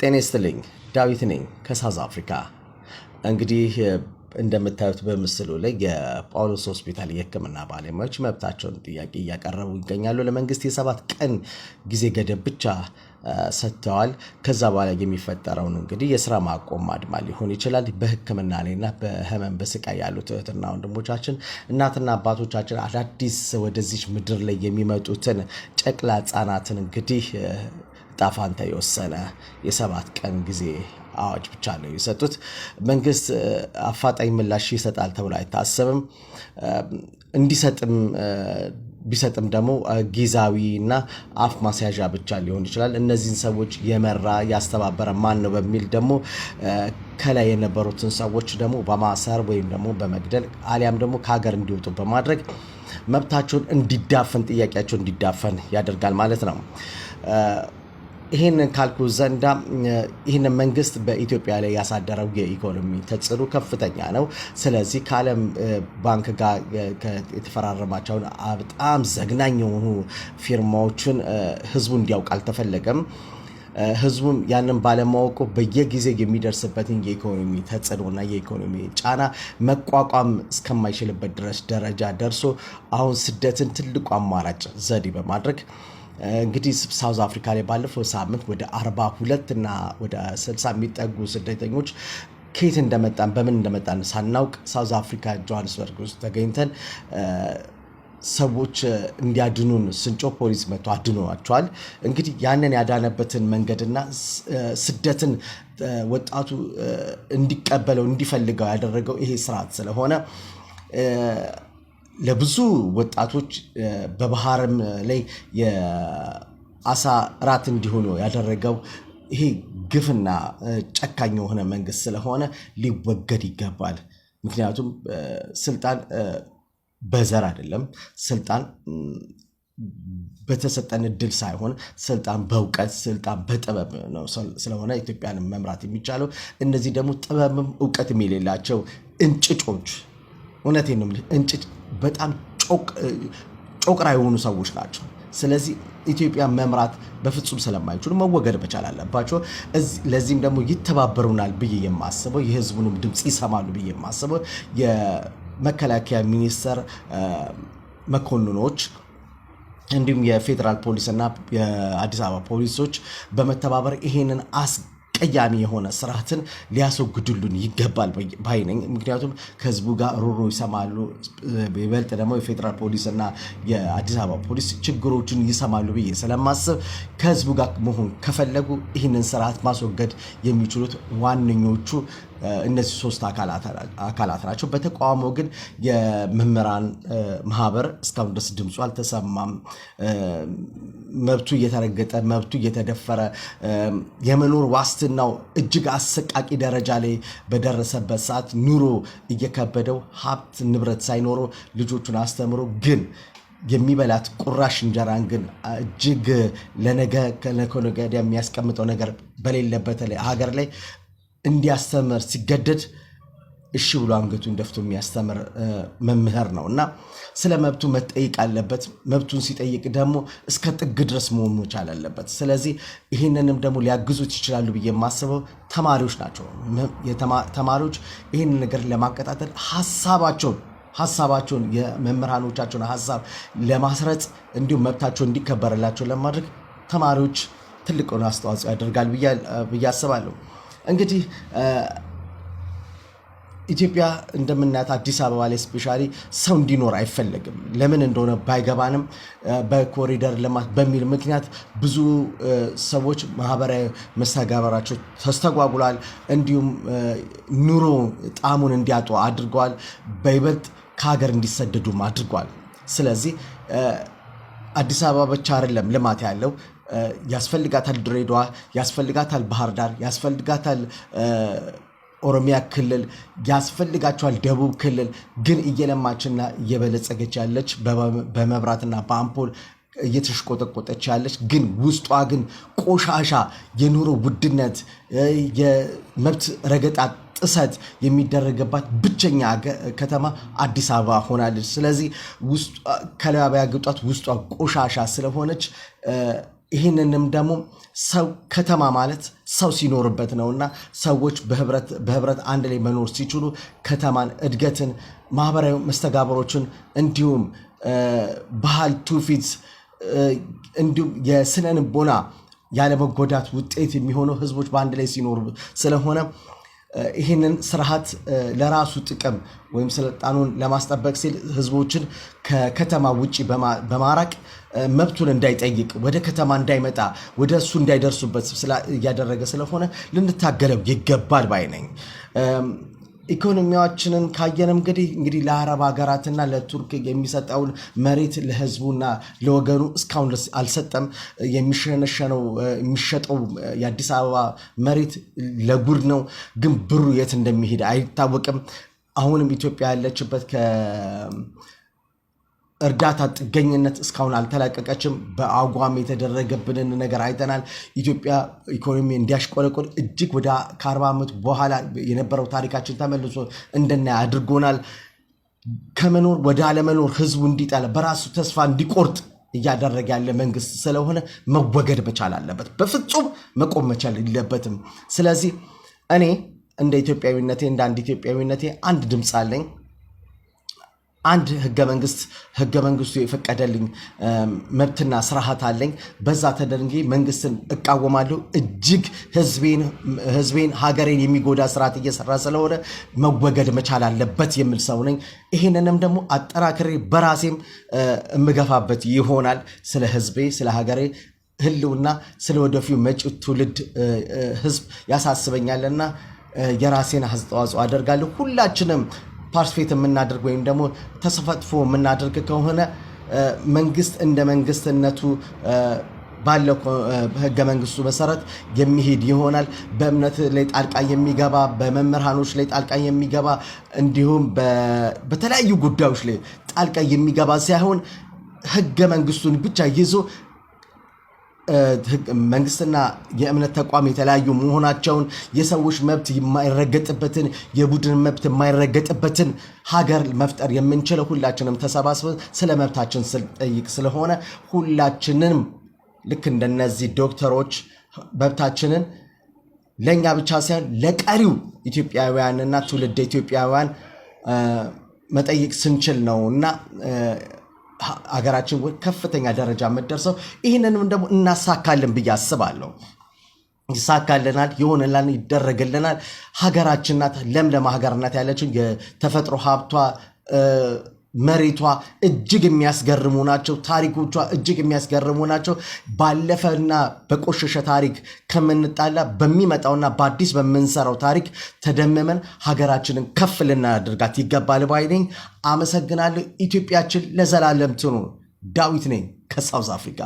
ጤና ይስጥልኝ ዳዊት ነኝ ከሳውዝ አፍሪካ። እንግዲህ እንደምታዩት በምስሉ ላይ የጳውሎስ ሆስፒታል የህክምና ባለሙያዎች መብታቸውን ጥያቄ እያቀረቡ ይገኛሉ። ለመንግስት የሰባት ቀን ጊዜ ገደብ ብቻ ሰጥተዋል። ከዛ በኋላ የሚፈጠረውን እንግዲህ የስራ ማቆም አድማ ሊሆን ይችላል። ላይ ና በህመም በስቃይ ያሉት እህትና ወንድሞቻችን፣ እናትና አባቶቻችን አዳዲስ ወደዚች ምድር ላይ የሚመጡትን ጨቅላ ህጻናትን እንግዲህ ጣፋንታ የወሰነ የሰባት ቀን ጊዜ አዋጅ ብቻ ነው የሰጡት። መንግስት አፋጣኝ ምላሽ ይሰጣል ተብሎ አይታሰብም። እንዲሰጥም ቢሰጥም ደግሞ ጊዛዊ እና አፍ ማስያዣ ብቻ ሊሆን ይችላል። እነዚህን ሰዎች የመራ ያስተባበረ ማን ነው በሚል ደግሞ ከላይ የነበሩትን ሰዎች ደግሞ በማሰር ወይም ደግሞ በመግደል አሊያም ደግሞ ከሀገር እንዲወጡ በማድረግ መብታቸውን እንዲዳፈን ጥያቄያቸው እንዲዳፈን ያደርጋል ማለት ነው። ይህንን ካልኩ ዘንዳ ይህንን መንግስት በኢትዮጵያ ላይ ያሳደረው የኢኮኖሚ ተጽዕኖ ከፍተኛ ነው። ስለዚህ ከዓለም ባንክ ጋር የተፈራረማቸውን በጣም ዘግናኝ የሆኑ ፊርማዎችን ህዝቡ እንዲያውቅ አልተፈለገም። ህዝቡም ያንን ባለማወቁ በየጊዜ የሚደርስበትን የኢኮኖሚ ተጽዕኖና የኢኮኖሚ ጫና መቋቋም እስከማይችልበት ድረስ ደረጃ ደርሶ አሁን ስደትን ትልቁ አማራጭ ዘዴ በማድረግ እንግዲህ ሳውዝ አፍሪካ ላይ ባለፈው ሳምንት ወደ 42 እና ወደ 60 የሚጠጉ ስደተኞች ከየት እንደመጣን በምን እንደመጣን ሳናውቅ ሳውዝ አፍሪካ ጆሃንስበርግ ውስጥ ተገኝተን ሰዎች እንዲያድኑን ስንጮ ፖሊስ መጥቶ አድኗቸዋል። እንግዲህ ያንን ያዳነበትን መንገድና ስደትን ወጣቱ እንዲቀበለው እንዲፈልገው ያደረገው ይሄ ስርዓት ስለሆነ ለብዙ ወጣቶች በባህርም ላይ የአሳ ራት እንዲሆኑ ያደረገው ይሄ ግፍና ጨካኝ የሆነ መንግስት ስለሆነ ሊወገድ ይገባል። ምክንያቱም ስልጣን በዘር አይደለም። ስልጣን በተሰጠን እድል ሳይሆን ስልጣን በእውቀት ስልጣን በጥበብ ነው ስለሆነ ኢትዮጵያን መምራት የሚቻለው እነዚህ ደግሞ ጥበብም እውቀትም የሌላቸው እንጭጮች እውነቴን ነው የምልህ እንጭጭ በጣም ጮቅራ የሆኑ ሰዎች ናቸው። ስለዚህ ኢትዮጵያ መምራት በፍጹም ስለማይችሉ መወገድ መቻል አለባቸው። ለዚህም ደግሞ ይተባበሩናል ብዬ የማስበው የህዝቡንም ድምፅ ይሰማሉ ብዬ የማስበው የመከላከያ ሚኒስቴር መኮንኖች እንዲሁም የፌዴራል ፖሊስና የአዲስ አበባ ፖሊሶች በመተባበር ይሄንን አስ ቀያሚ የሆነ ስርዓትን ሊያስወግዱልን ይገባል ባይ ነኝ። ምክንያቱም ከህዝቡ ጋር ሮሮ ይሰማሉ። ይበልጥ ደግሞ የፌዴራል ፖሊስ እና የአዲስ አበባ ፖሊስ ችግሮቹን ይሰማሉ ብዬ ስለማስብ ከህዝቡ ጋር መሆን ከፈለጉ ይህንን ስርዓት ማስወገድ የሚችሉት ዋነኞቹ እነዚህ ሶስት አካላት ናቸው። በተቃውሞ ግን የመምህራን ማህበር እስካሁን ድረስ ድምፁ አልተሰማም። መብቱ እየተረገጠ መብቱ እየተደፈረ የመኖር ዋስትናው እጅግ አሰቃቂ ደረጃ ላይ በደረሰበት ሰዓት ኑሮ እየከበደው ሀብት ንብረት ሳይኖረው ልጆቹን አስተምሮ ግን የሚበላት ቁራሽ እንጀራን ግን እጅግ ለነገ ከነገ ወዲያ የሚያስቀምጠው ነገር በሌለበት ሀገር ላይ እንዲያስተምር ሲገደድ እሺ ብሎ አንገቱን ደፍቶ የሚያስተምር መምህር ነው እና ስለ መብቱ መጠየቅ አለበት። መብቱን ሲጠይቅ ደግሞ እስከ ጥግ ድረስ መሆን መቻል አለበት። ስለዚህ ይህንንም ደግሞ ሊያግዙት ይችላሉ ብዬ የማስበው ተማሪዎች ናቸው። ተማሪዎች ይህንን ነገር ለማቀጣጠል ሀሳባቸውን ሀሳባቸውን የመምህራኖቻቸውን ሀሳብ ለማስረጽ እንዲሁም መብታቸው እንዲከበርላቸው ለማድረግ ተማሪዎች ትልቅ አስተዋጽኦ ያደርጋል ብዬ አስባለሁ። እንግዲህ ኢትዮጵያ እንደምናያት አዲስ አበባ ላይ ስፔሻሊ ሰው እንዲኖር አይፈለግም። ለምን እንደሆነ ባይገባንም በኮሪደር ልማት በሚል ምክንያት ብዙ ሰዎች ማህበራዊ መስተጋበራቸው ተስተጓጉሏል። እንዲሁም ኑሮ ጣዕሙን እንዲያጡ አድርገዋል በይበልጥ ከሀገር እንዲሰደዱም አድርጓል። ስለዚህ አዲስ አበባ ብቻ አይደለም ልማት ያለው ያስፈልጋታል፣ ድሬዷ፣ ያስፈልጋታል፣ ባህር ዳር ያስፈልጋታል፣ ኦሮሚያ ክልል ያስፈልጋቸዋል፣ ደቡብ ክልል ግን እየለማችና እየበለጸገች ያለች በመብራትና በአምፖል እየተሽቆጠቆጠች ያለች ግን ውስጧ ግን ቆሻሻ የኑሮ ውድነት የመብት ረገጣ ጥሰት የሚደረግባት ብቸኛ ከተማ አዲስ አበባ ሆናለች። ስለዚህ ከላባ ያገጧት ውስጧ ቆሻሻ ስለሆነች ይህንንም ደግሞ ሰው ከተማ ማለት ሰው ሲኖርበት እና ሰዎች በህብረት አንድ ላይ መኖር ሲችሉ ከተማን፣ እድገትን፣ ማህበራዊ መስተጋበሮችን እንዲሁም ባህል፣ ትውፊት እንዲሁም የስነ ልቦና ያለመጎዳት ውጤት የሚሆነው ህዝቦች በአንድ ላይ ሲኖሩ ስለሆነ ይህንን ስርዓት ለራሱ ጥቅም ወይም ስልጣኑን ለማስጠበቅ ሲል ህዝቦችን ከከተማ ውጭ በማራቅ መብቱን እንዳይጠይቅ ወደ ከተማ እንዳይመጣ ወደ እሱ እንዳይደርሱበት እያደረገ ስለሆነ ልንታገለው ይገባል ባይ ነኝ። ኢኮኖሚያችንን ካየንም እንግዲህ እንግዲህ ለአረብ ሀገራትና ለቱርክ የሚሰጠውን መሬት ለህዝቡና ለወገኑ እስካሁን አልሰጠም። የሚሸነሸነው የሚሸጠው የአዲስ አበባ መሬት ለጉድ ነው፣ ግን ብሩ የት እንደሚሄድ አይታወቅም። አሁንም ኢትዮጵያ ያለችበት እርዳታ ጥገኝነት እስካሁን አልተላቀቀችም። በአጓም የተደረገብንን ነገር አይተናል። ኢትዮጵያ ኢኮኖሚ እንዲያሽቆለቆል እጅግ ወደ ከአርባ ዓመት በኋላ የነበረው ታሪካችን ተመልሶ እንድናይ አድርጎናል። ከመኖር ወደ አለመኖር ህዝቡ እንዲጠላ በራሱ ተስፋ እንዲቆርጥ እያደረገ ያለ መንግስት ስለሆነ መወገድ መቻል አለበት። በፍጹም መቆም መቻል የለበትም። ስለዚህ እኔ እንደ ኢትዮጵያዊነቴ እንደ አንድ ኢትዮጵያዊነቴ አንድ ድምፅ አለኝ። አንድ ህገ መንግስት ህገ መንግስቱ የፈቀደልኝ መብትና ስርዓት አለኝ። በዛ ተደርጌ መንግስትን እቃወማለሁ። እጅግ ህዝቤን፣ ሀገሬን የሚጎዳ ስርዓት እየሰራ ስለሆነ መወገድ መቻል አለበት የሚል ሰው ነኝ። ይህንንም ደግሞ አጠናክሬ በራሴም የምገፋበት ይሆናል። ስለ ህዝቤ፣ ስለ ሀገሬ ህልውና፣ ስለ ወደፊው መጪ ትውልድ ህዝብ ያሳስበኛልና የራሴን አስተዋጽኦ አደርጋለሁ። ሁላችንም ፓርስፌት የምናደርግ ወይም ደግሞ ተሰፈጥፎ የምናደርግ ከሆነ መንግስት እንደ መንግስትነቱ ባለው ህገ መንግስቱ መሰረት የሚሄድ ይሆናል። በእምነት ላይ ጣልቃ የሚገባ በመምህራኖች ላይ ጣልቃ የሚገባ እንዲሁም በተለያዩ ጉዳዮች ላይ ጣልቃ የሚገባ ሳይሆን ህገ መንግስቱን ብቻ ይዞ መንግስትና የእምነት ተቋም የተለያዩ መሆናቸውን የሰዎች መብት የማይረገጥበትን የቡድን መብት የማይረገጥበትን ሀገር መፍጠር የምንችለው ሁላችንም ተሰባስበን ስለ መብታችን ስንጠይቅ ስለሆነ ሁላችንም ልክ እንደነዚህ ዶክተሮች መብታችንን ለእኛ ብቻ ሳይሆን ለቀሪው ኢትዮጵያውያንና ትውልድ ኢትዮጵያውያን መጠየቅ ስንችል ነው እና ሀገራችን ከፍተኛ ደረጃ የምትደርሰው ይህንንም ደግሞ እናሳካለን ብዬ አስባለሁ። ይሳካልናል፣ ይሆንላል፣ ይደረግልናል። ሀገራችን ናት ለምለም ሀገር ያለችን የተፈጥሮ ሀብቷ መሬቷ እጅግ የሚያስገርሙ ናቸው። ታሪኮቿ እጅግ የሚያስገርሙ ናቸው። ባለፈና በቆሸሸ ታሪክ ከምንጣላ በሚመጣውና በአዲስ በምንሰራው ታሪክ ተደምመን ሀገራችንን ከፍ ልናደርጋት ይገባል ባይ ነኝ። አመሰግናለሁ። ኢትዮጵያችን ለዘላለም ትኑር። ዳዊት ነኝ ከሳውዝ አፍሪካ።